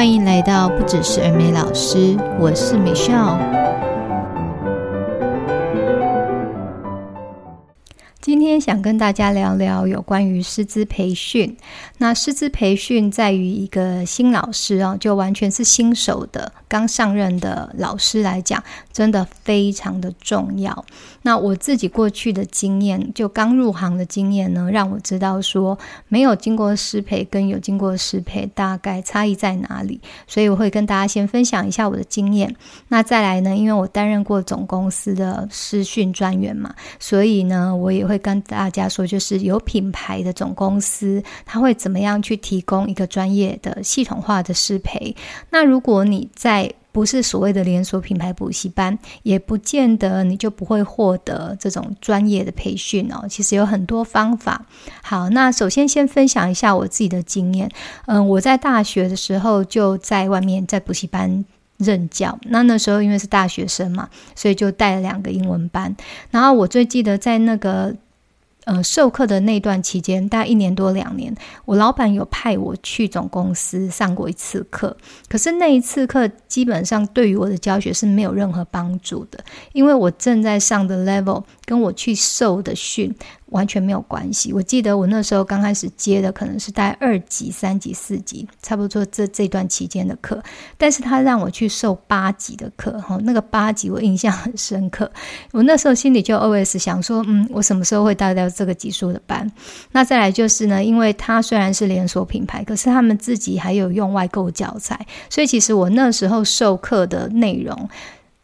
歡迎來到不只是兒美老師，我是 Michelle。今天想跟大家聊聊有關於師資培訓。那師資培訓在於一個新老師啊、哦，就完全是新手的。剛上任的老師來講，真的非常的重要。那我自己過去的經驗，就剛入行的經驗呢，讓我知道說，沒有經過師訓跟有經過師訓，大概差異在哪裡。所以我會跟大家先分享一下我的經驗。那再來呢，因為我擔任過總公司的師訓專員嘛，所以呢，我也會跟大家說，就是有品牌的總公司，他會怎麼樣去提供一個專業的系統化的師訓。那如果你在不是所謂的連鎖品牌補習班，也不見得你就不會獲得這種專業的培訓哦。其實有很多方法。好，那首先先分享一下我自己的經驗。嗯，我在大學的時候就在外面在補習班任教。那那時候因為是大學生嘛，所以就帶了兩個英文班。然後我最記得在那個。呃，授課的那段期間，大概一年多兩年，我老板有派我去總公司上過一次課，可是那一次課基本上對於我的教學是沒有任何幫助的，因為我正在上的 level 跟我去受的訓。完全沒有關係。我記得我那時候剛開始接的可能是大概二級、三級、四級，差不多這這段期間的課，但是他讓我去授八級的課，哈、哦，那個八級我印象很深刻。我那時候心裡就 OS 想說，嗯，我什麼時候會帶到這個級數的班？那再來就是呢，因為他雖然是連鎖品牌，可是他們自己還有用外購教材，所以其實我那時候授課的內容。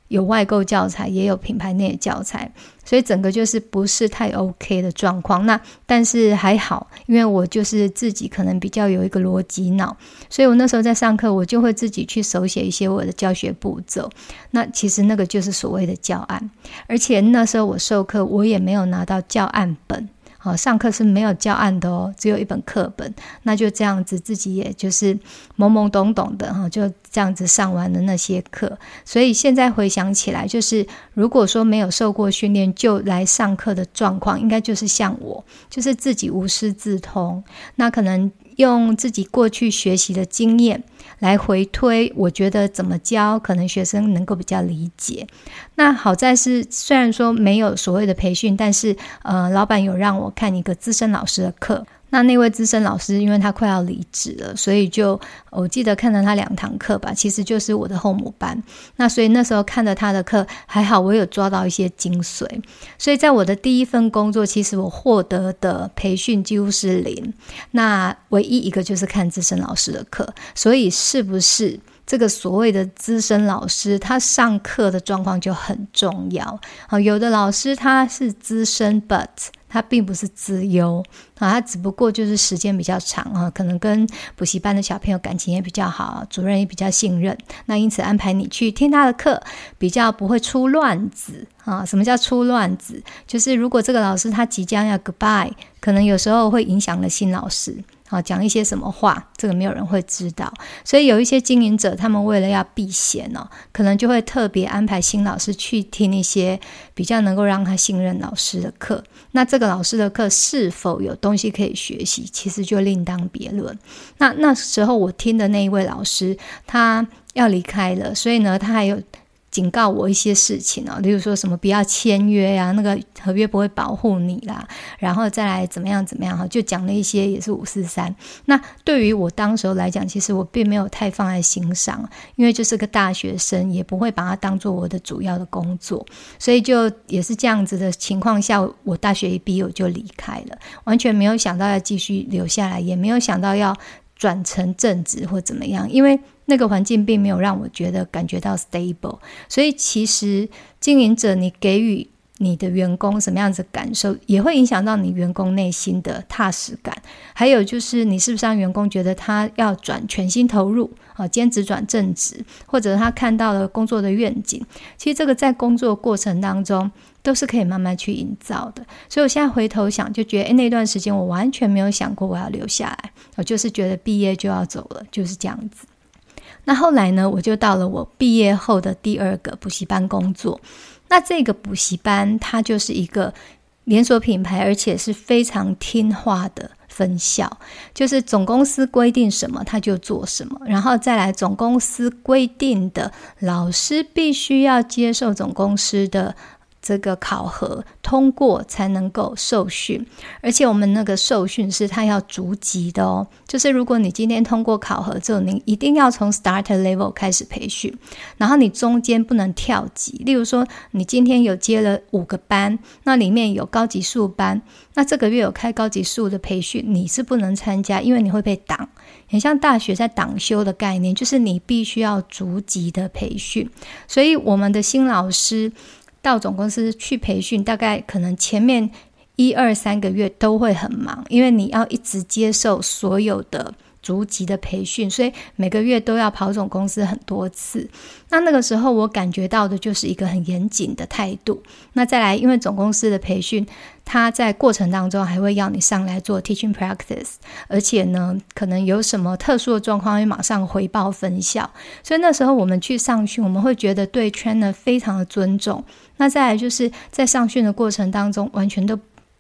有外購教材，也有品牌內的教材，所以整個就是不是太 OK 的狀況。那但是還好，因為我就是自己可能比較有一個邏輯腦，所以我那時候在上課，我就會自己去手寫一些我的教學步驟。那其實那個就是所謂的教案，而且那時候我授課，我也沒有拿到教案本。哦，上課是沒有教案的哦，只有一本課本，那就這樣子自己也就是懵懵懂懂的哈、哦，就這樣子上完了那些課。所以現在回想起來，就是如果說沒有受過訓練就來上課的狀況，應該就是像我，就是自己無師自通，那可能。用自己過去學習的經驗來回推，我覺得怎麼教，可能學生能夠比較理解。那好在是，雖然說沒有所謂的培訓，但是呃，老闆有讓我看一個資深老師的課。那那位資深老師，因為他快要離職了，所以就，我記得看了他兩堂課吧，其實就是我的後母班。那所以那時候看了他的課，還好我有抓到一些精髓。所以在我的第一份工作，其實我獲得的培訓幾乎是零。那唯一一個就是看資深老師的課。所以是不是這個所謂的資深老師，他上課的狀況就很重要？好，有的老師他是資深，but 他並不是資優，啊，他只不過就是時間比較長啊，可能跟補習班的小朋友感情也比較好，主任也比較信任，那因此安排你去聽他的課，比較不會出亂子啊。什麼叫出亂子？就是如果這個老師他即將要 goodbye，可能有時候會影響了新老師。好，講一些什麼話，這個沒有人會知道。所以有一些經營者，他們為了要避嫌呢、哦，可能就會特別安排新老師去聽一些比較能夠讓他信任老師的課。那這個老師的課是否有東西可以學習，其實就另當別論。那那時候我聽的那一位老師，他要離開了，所以呢，他還有。警告我一些事情啊，例如說什麼不要簽約呀、啊，那個合約不會保護你啦，然後再來怎麼樣怎麼樣哈，就講了一些也是五四三。那對於我當時候來講，其實我並沒有太放在心上，因為就是個大學生，也不會把它當做我的主要的工作，所以就也是這樣子的情況下，我大學一畢業我就離開了，完全沒有想到要繼續留下來，也沒有想到要。轉成正職或怎麼樣？因為那個環境並沒有讓我覺得感覺到 stable，所以其實經營者你給予你的員工什麼樣子感受，也會影響到你員工內心的踏實感。還有就是你是不是讓員工覺得他要轉全心投入啊？兼職轉正職，或者他看到了工作的願景，其實這個在工作過程當中。都是可以慢慢去營造的，所以我現在回頭想，就覺得誒，那段時間我完全沒有想過我要留下來，我就是覺得畢業就要走了，就是這樣子。那後來呢，我就到了我畢業後的第二個補習班工作。那這個補習班它就是一個連鎖品牌，而且是非常聽話的分校，就是總公司規定什麼，他就做什麼，然後再來總公司規定的老師必須要接受總公司的。這個考核通過才能夠受訓，而且我們那個受訓是他要逐級的哦。就是如果你今天通過考核之後，你一定要從 start level 開始培訓，然後你中間不能跳級。例如說，你今天有接了五個班，那裡面有高級數班，那這個月有開高級數的培訓，你是不能參加，因為你會被擋。很像大學在擋修的概念，就是你必須要逐級的培訓。所以我們的新老師到總公司去培訓，大概可能前面一二三個月都會很忙，因為你要一直接受所有的逐級的培訓，所以每個月都要跑總公司很多次。那那個時候我感覺到的就是一個很嚴謹的態度。那再來，因為總公司的培訓，它在過程當中還會要你上來做 teaching practice，而且呢，可能有什麼特殊的狀況，會馬上回報分校。所以那時候我們去上訓，我們會覺得對 trainer 非常的尊重。那再來就是在上訓的過程當中，完全都。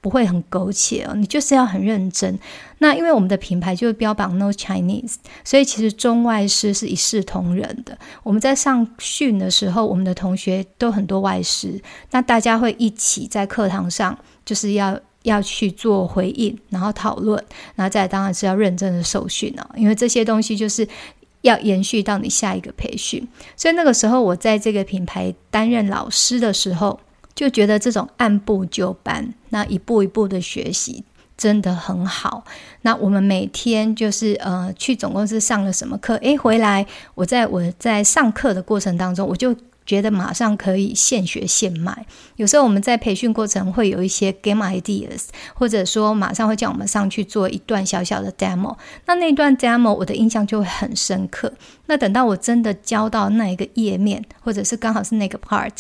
不會很苟且哦，你就是要很認真。那因為我們的品牌就是標榜 No Chinese，所以其實中外師是一視同仁的。我們在上訓的時候，我們的同學都很多外師，那大家會一起在課堂上，就是要要去做回應，然後討論，然後再當然是要認真的受訓了哦。因為這些東西就是要延續到你下一個培訓，所以那個時候我在這個品牌擔任老師的時候。就覺得這種按部就班，那一步一步的學習真的很好。那我們每天就是呃，去總公司上了什麼課？哎，回來我在我在上課的過程當中，我就覺得馬上可以現學現賣。有時候我們在培訓過程會有一些 game ideas，或者說馬上會叫我們上去做一段小小的 demo。那那段 demo 我的印象就會很深刻。那等到我真的教到那一個頁面，或者是剛好是那個 part，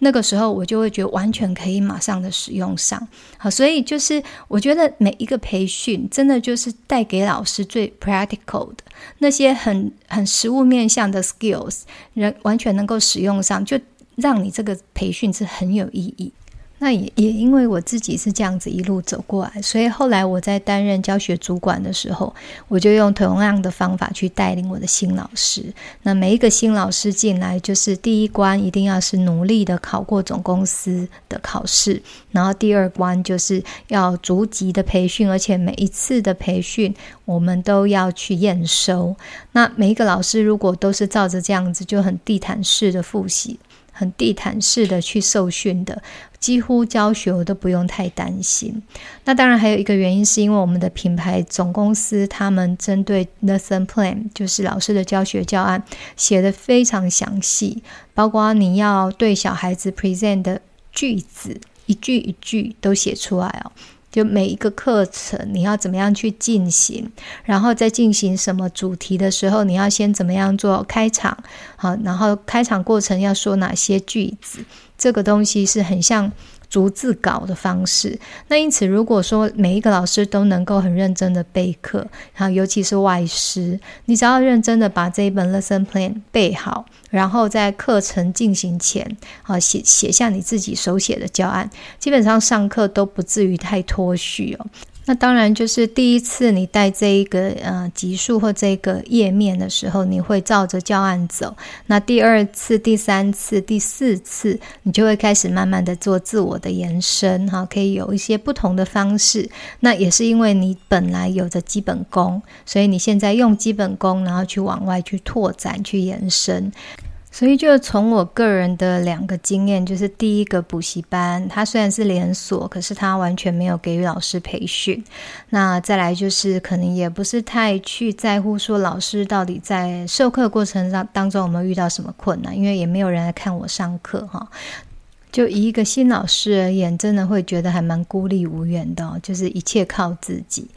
那個時候我就會覺得完全可以馬上的使用上。好，所以就是我覺得每一個培訓真的就是帶給老師最 practical 的。那些很很實務面向的 skills，人完全能夠使用上，就讓你這個培訓是很有意義。那也也因為我自己是這樣子一路走過來，所以後來我在擔任教學主管的時候，我就用同樣的方法去帶領我的新老師。那每一個新老師進來，就是第一關一定要是努力的考過總公司的考試，然後第二關就是要逐級的培訓，而且每一次的培訓我們都要去驗收。那每一個老師如果都是照着這樣子，就很地毯式的複習，很地毯式的去受訓的。幾乎教學我都不用太擔心。那當然還有一個原因，是因為我們的品牌總公司，他們針對 lesson plan，就是老師的教學教案，寫得非常詳細，包括你要對小孩子 present 的句子，一句一句都寫出來哦。就每一個課程你要怎麼樣去進行，然後在進行什麼主題的時候，你要先怎麼樣做開場，好，然後開場過程要說哪些句子。這個東西是很像逐字稿的方式，那因此如果說每一個老師都能夠很認真的備課，啊，尤其是外師，你只要認真的把這一本 lesson plan 備好，然後在課程進行前，啊，寫寫下你自己手寫的教案，基本上上課都不至於太脫序哦。那當然，就是第一次你帶這一個呃級數或這一個頁面的時候，你會照着教案走。那第二次、第三次、第四次，你就會開始慢慢的做自我的延伸，哈，可以有一些不同的方式。那也是因為你本來有着基本功，所以你現在用基本功，然後去往外去拓展、去延伸。所以，就從我個人的兩個經驗，就是第一個補習班，它雖然是連鎖，可是它完全沒有給予老師培訓。那再來就是，可能也不是太去在乎說老師到底在授課過程當中有沒有遇到什麼困難，因為也沒有人來看我上課哈。就以一個新老師而言，真的會覺得還蠻孤立無援的，就是一切靠自己。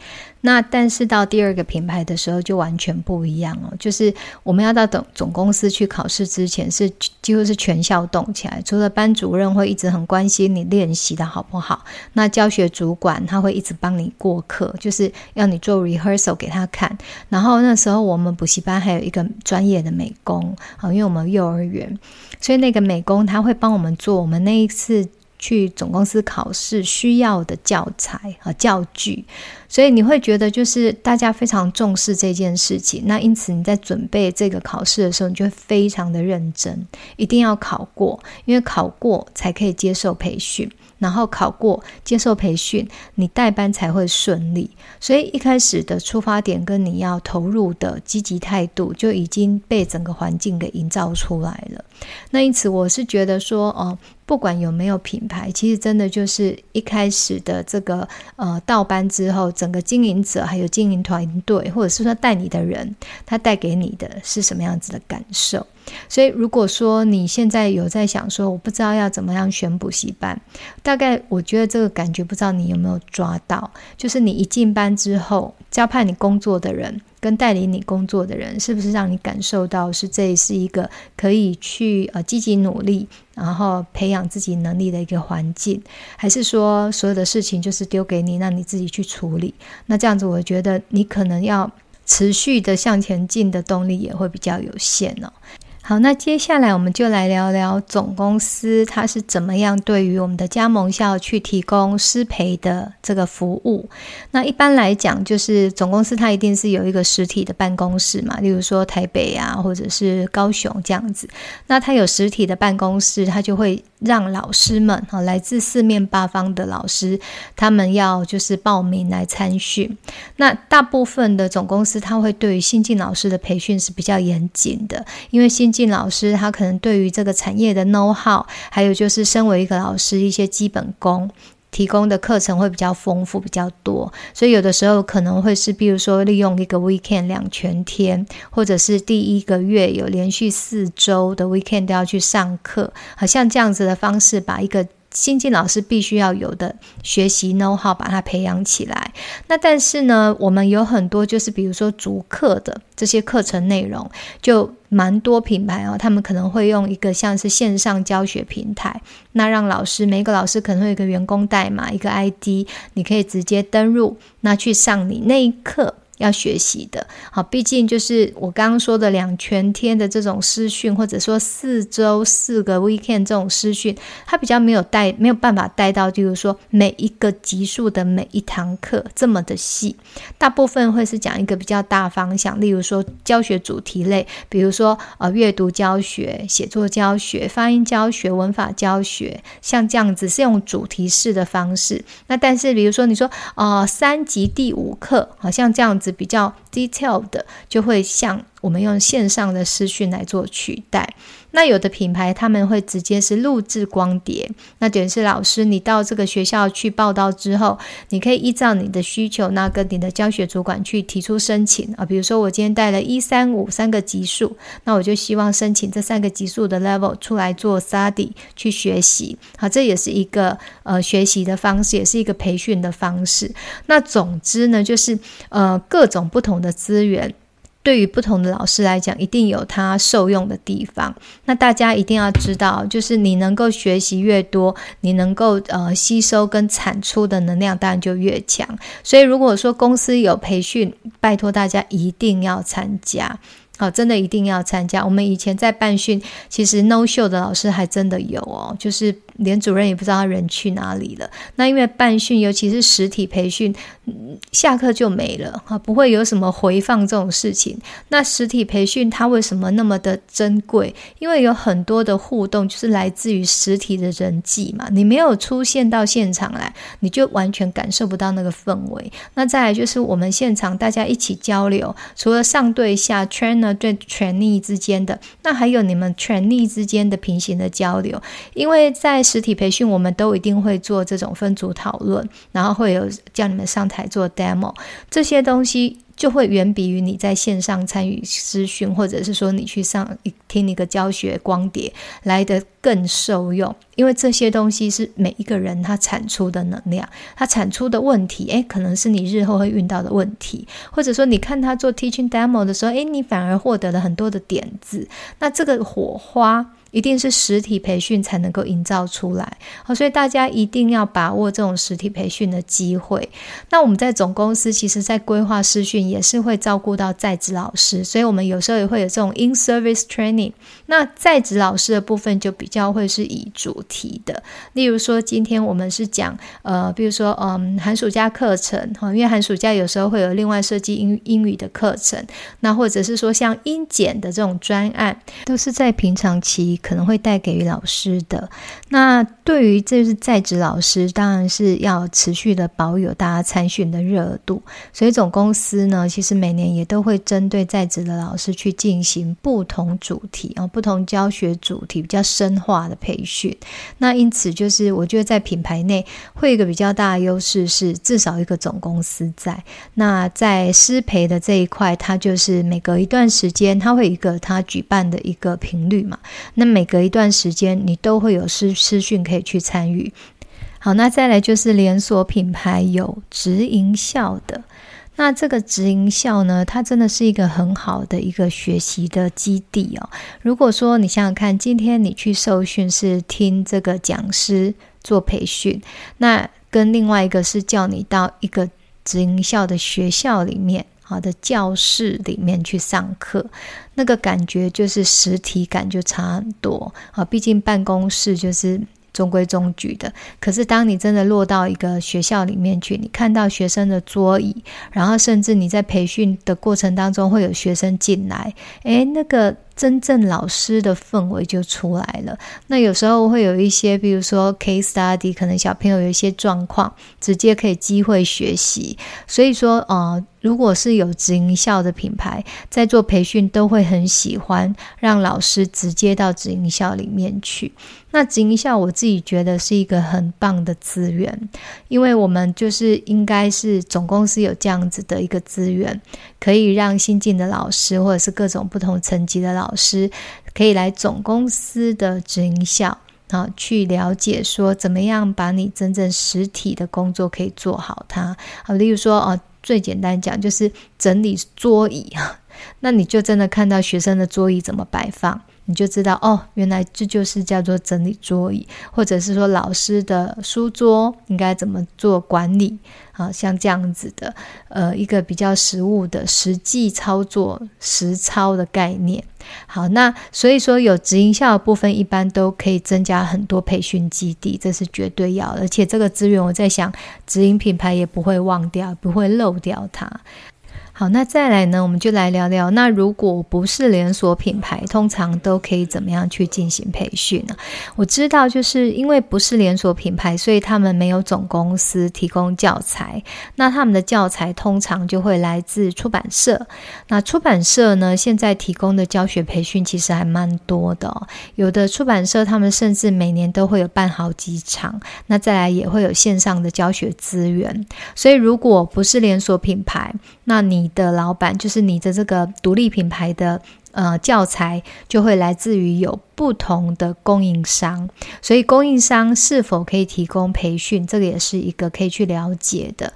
那但是到第二個品牌的時候就完全不一樣了，就是我們要到總總公司去考試之前是幾乎是全校動起來。除了班主任會一直很關心你練習的好不好，那教學主管他會一直幫你過課，就是要你做 rehearsal 給他看。然後那時候我們補習班還有一個專業的美工啊，因為我們幼兒園，所以那個美工他會幫我們做我們那一次去總公司考試需要的教材和、呃、教具，所以你會覺得就是大家非常重視這件事情。那因此你在準備這個考試的時候，你就會非常的認真，一定要考過，因為考過才可以接受培訓，然後考過接受培訓，你帶班才會順利。所以一開始的出發點跟你要投入的積極態度，就已經被整個環境給營造出來了。那因此我是覺得說，哦、呃。不管有沒有品牌，其實真的就是一開始的這個呃到班之後，整個經營者還有經營團隊，或者是說，帶你的人，他帶給你的是什麼樣子的感受？所以，如果說你現在有在想說，我不知道要怎麼樣選補習班，大概我覺得這個感覺不知道你有沒有抓到，就是你一進班之後，加派你工作的人跟帶領你工作的人，是不是讓你感受到是這是一個可以去呃積極努力，然後培養自己能力的一個環境，還是說所有的事情就是丟給你，讓你自己去處理。那這樣子，我覺得你可能要持續的向前進的動力也會比較有限哦。好，那接下來我們就來聊聊總公司它是怎麼樣對於我們的加盟校去提供師培的這個服務。那一般來講，就是總公司它一定是有一個實體的辦公室嘛，例如說台北啊，或者是高雄這樣子。那它有實體的辦公室，它就會讓老師們啊，來自四面八方的老師，他們要就是報名來參訓。那大部分的總公司，它會對於新進老師的培訓是比較嚴謹的，因為新靳老師，他可能對於這個產業的 know how，還有就是身為一個老師一些基本功，提供的課程會比較豐富，比較多，所以有的時候可能會是，比如說利用一個 weekend 兩全天，或者是第一個月有連續四周的 weekend 都要去上課，好像這樣子的方式，把一個新進老師必須要有的學習 know how，把它培養起來。那但是呢，我們有很多就是比如說逐課的這些課程內容，就蠻多品牌哦，他們可能會用一個像是線上教學平台，那讓老師每一個老師可能會有一個員工代碼，一個 ID，你可以直接登入，那去上你那一課。要學習的，好，畢竟就是我剛剛說的兩全天的這種師訓，或者說四周四個 weekend 這種師訓，它比較沒有帶，沒有辦法帶到，就是說每一個級數的每一堂課這麼的細，大部分會是講一個比較大方向，例如說教學主題類，比如說呃閱讀教學、寫作教學、發音教學、文法教學，像這樣子是用主題式的方式。那但是比如說你說，呃，三級第五課，好像這樣子。比較 detail 的，就會像我們用線上的師訓來做取代。那有的品牌他們會，直接是錄製光碟。那等於是老師，你到這個學校去報到之後，你可以依照你的需求，那跟你的教學主管去提出申請啊。比如說我今天帶了一三五三個級數，那我就希望申請這三個級數的 level 出來做 study 去學習。好，這也是一個呃學習的方式，也是一個培訓的方式。那總之呢，就是呃各種不同的資源。對於不同的老師來講，一定有他受用的地方。那大家一定要知道，就是你能夠學習越多，你能夠呃吸收跟產出的能量當然就越強。所以如果說公司有培訓，拜託大家一定要參加，好、哦、真的一定要參加。我們以前在辦訓，其實 no show 的老師還真的有哦，就是。連主任也不知道他人去哪裡了。那因為辦訓，尤其是實體培訓、嗯，下課就沒了啊，不會有什麼回放這種事情。那實體培訓它為什麼那麼的珍貴？因為有很多的互動，就是來自於實體的人際嘛。你沒有出現到現場來，你就完全感受不到那個氛圍。那再來就是我們現場大家一起交流，除了上對下、trainer 對 trainee 之間的，那還有你們 trainee 之間的平行的交流，因為在實體培訓我們都一定會做這種分組討論，然後會有叫你們上台做 demo，這些東西就會遠比於你在線上參與資訊，或者是說你去上一聽一個教學光碟來得更受用，因為這些東西是每一個人他產出的能量，他產出的問題，哎，可能是你日後會遇到的問題，或者說你看他做 teaching demo 的時候，哎，你反而獲得了很多的點子，那這個火花。一定是實體培訓才能夠營造出來，好，所以大家一定要把握這種實體培訓的機會。那我們在總公司，其實，在規劃師訓也是會照顧到在職老師，所以我們有時候也會有這種 in service training。那在職老師的部分就比較會是以主題的，例如說今天我們是講，呃，比如說，嗯，寒暑假課程，哈，因為寒暑假有時候會有另外設計英英語的課程，那或者是說像英檢的這種專案，都是在平常期。可能會帶給於老師的。那對於這是在職老師，當然是要持續的保有大家參訓的熱度。所以總公司呢，其實每年也都會針對在職的老師去進行不同主題啊，不同教學主題比較深化的培訓。那因此就是我覺得在品牌內會有一個比較大的優勢，是至少一個總公司在。那在師培的這一塊，它就是每隔一段時間，它會一個它舉辦的一個頻率嘛。那麼每隔一段時間，你都會有師師訓可以去參與。好，那再來就是連鎖品牌有直營校的，那這個直營校呢，它真的是一個很好的一個學習的基地哦。如果說你想想看，今天你去受訓是聽這個講師做培訓，那跟另外一個是叫你到一個直營校的學校裡面。好的教室裡面去上課，那個感覺就是實體感就差很多啊。畢竟辦公室就是中規中矩的，可是當你真的落到一個學校裡面去，你看到學生的桌椅，然後甚至你在培訓的過程當中會有學生進來，誒，那個。真正老師的氛圍就出來了。那有時候會有一些，比如說 case study，可能小朋友有一些狀況，直接可以機會學習。所以說，呃，如果是有直營校的品牌在做培訓，都會很喜歡讓老師直接到直營校裡面去。那直營校我自己覺得是一個很棒的資源，因為我們就是應該是總公司有這樣子的一個資源，可以讓新進的老師或者是各種不同層級的老師。老師可以來總公司的直營校啊，去了解說怎麼樣把你真正實體的工作可以做好它。好，例如說哦，最簡單講就是整理桌椅啊，那你就真的看到學生的桌椅怎麼擺放。你就知道哦，原來這就是叫做整理桌椅，或者是說老師的書桌應該怎麼做管理啊，像這樣子的，呃，一個比較實務的實際操作實操的概念。好，那所以說有直營校的部分，一般都可以增加很多培訓基地，這是絕對要的，而且這個資源我在想，直營品牌也不會忘掉，不會漏掉它。好，那再來呢，我們就來聊聊。那如果不是連鎖品牌，通常都可以怎麼樣去進行培訓呢？我知道，就是因為不是連鎖品牌，所以他們沒有總公司提供教材。那他們的教材通常就會來自出版社。那出版社呢，現在提供的教學培訓其實還蠻多的哦。有的出版社他們甚至每年都會有辦好幾場。那再來也會有線上的教學資源。所以，如果不是連鎖品牌，那你你的老闆就是你的這個獨立品牌的呃教材，就會來自於有不同的供應商，所以供應商是否可以提供培訓，這個也是一個可以去了解的。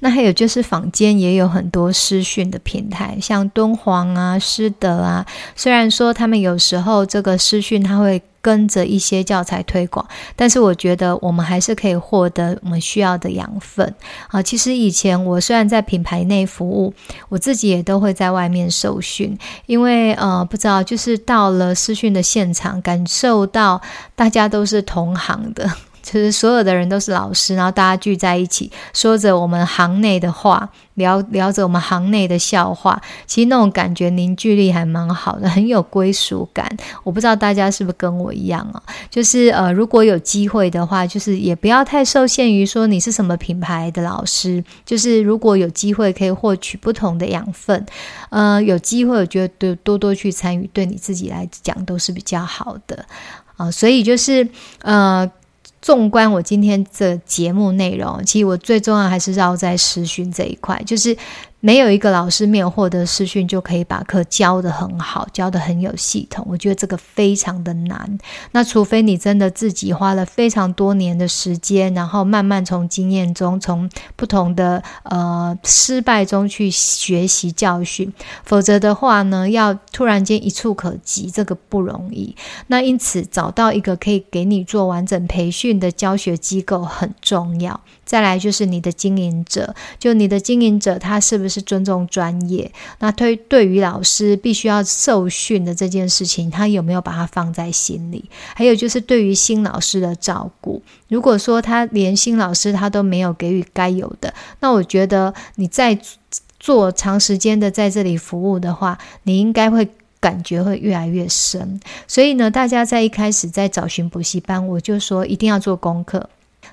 那還有就是，坊間也有很多師訓的平台，像敦煌啊、師德啊。雖然說他們有時候這個師訓他會跟着一些教材推廣，但是我覺得我們還是可以獲得我們需要的養分啊、呃。其實以前我雖然在品牌內服務，我自己也都會在外面受訓，因為呃，不知道就是到了師訓的現場，感受到大家都是同行的。其實所有的人都是老師，然後大家聚在一起，說着我們行內的話，聊聊着我們行內的笑話。其實那種感覺凝聚力還蠻好的，很有歸屬感。我不知道大家是不是跟我一樣啊？就是呃，如果有機會的話，就是也不要太受限於說你是什麼品牌的老師。就是如果有機會可以獲取不同的養分，呃，有機會我覺得多多去參與，對你自己來講都是比較好的啊。呃，所以就是呃。縱觀我今天的節目內容，其實我最重要還是繞在師訓這一塊，就是。沒有一個老師沒有獲得師訓就可以把課教得很好，教得很有系統。我覺得這個非常的難。那除非你真的自己花了非常多年的時間，然後慢慢從經驗中、從不同的呃失敗中去學習教訓，否則的話呢，要突然間一蹴可幾，這個不容易。那因此，找到一個可以給你做完整培訓的教學機構很重要。再來就是你的經營者，就你的經營者，他是不是尊重專業？那對對於老師必須要受訓的這件事情，他有沒有把它放在心裡？還有就是對於新老師的照顧，如果說他連新老師他都沒有給予該有的，那我覺得你在做長時間的在這裡服務的話，你應該會感覺會越來越深。所以呢，大家在一開始在找尋補習班，我就說一定要做功課。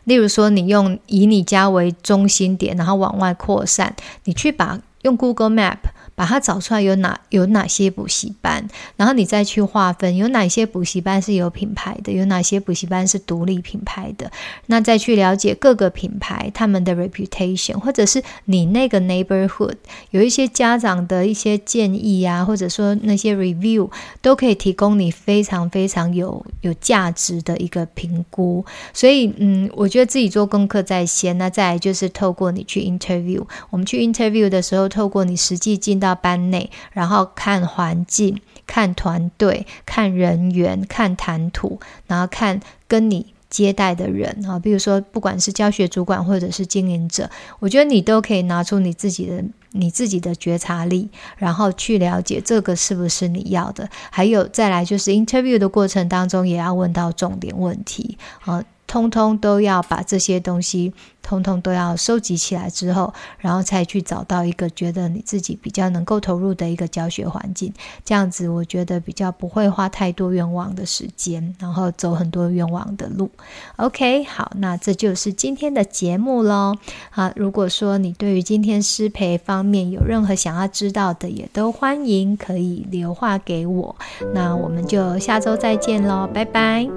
例如說，你用以你家為中心點，然後往外擴散，你去把，用 Google Map。把它找出來有哪有哪些補習班，然後你再去劃分有哪些補習班是有品牌的，有哪些補習班是獨立品牌的。那再去了解各個品牌他們的 reputation，或者是你那個 neighborhood 有一些家長的一些建議啊，或者說那些 review 都可以提供你非常非常有有價值的一個評估。所以，嗯，我覺得自己做功課在先，那再來就是透過你去 interview。我們去 interview 的時候，透過你實際進到。到班內，然後看環境、看團隊、看人員、看談吐，然後看跟你接待的人啊，比如說不管是教學主管或者是經營者，我覺得你都可以拿出你自己的、你自己的覺察力，然後去了解這個是不是你要的。還有再來就是 interview 的過程當中，也要問到重點問題啊。通通都要把這些東西通通都要收集起來之後，然後才去找到一個覺得你自己比較能夠投入的一個教學環境。這樣子，我覺得比較不會花太多冤枉的時間，然後走很多冤枉的路。OK，好，那這就是今天的節目嘍。好，啊，如果說你對於今天師培方面有任何想要知道的，也都歡迎可以留話給我。那我們就下週再見嘍，拜拜。